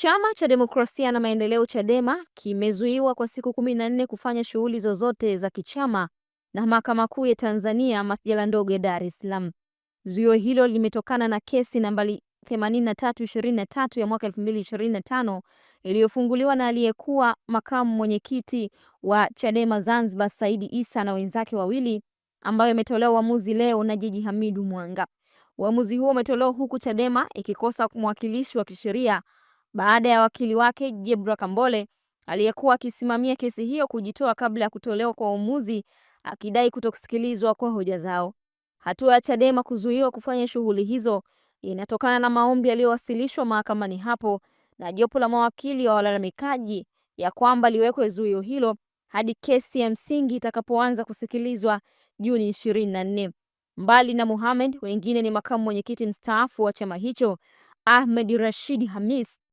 Chama cha Demokrasia na Maendeleo Chadema kimezuiwa kwa siku kumi na nne kufanya shughuli zozote za kichama na Mahakama Kuu ya Tanzania masjala ndogo ya Dar es Salaam. Zuio hilo limetokana na kesi nambari 8323 ya mwaka 2025 iliyofunguliwa na aliyekuwa makamu mwenyekiti wa Chadema Zanzibar Saidi Isa na wenzake wawili ambayo imetolewa uamuzi leo na Jaji Hamidu Mwanga. Uamuzi huo umetolewa huku Chadema ikikosa mwakilishi wa kisheria baada ya wakili wake Jebra Kambole aliyekuwa akisimamia kesi hiyo kujitoa kabla ya kutolewa kwa uamuzi akidai kutokusikilizwa kwa hoja zao. Hatua ya Chadema kuzuiwa kufanya shughuli hizo inatokana na maombi yaliyowasilishwa mahakamani hapo na jopo la mawakili wa walalamikaji ya kwamba liwekwe zuio hilo hadi kesi ya msingi itakapoanza kusikilizwa Juni 24. Mbali na Mohamed, wengine ni makamu mwenyekiti mstaafu wa chama hicho Ahmed Rashid Hamis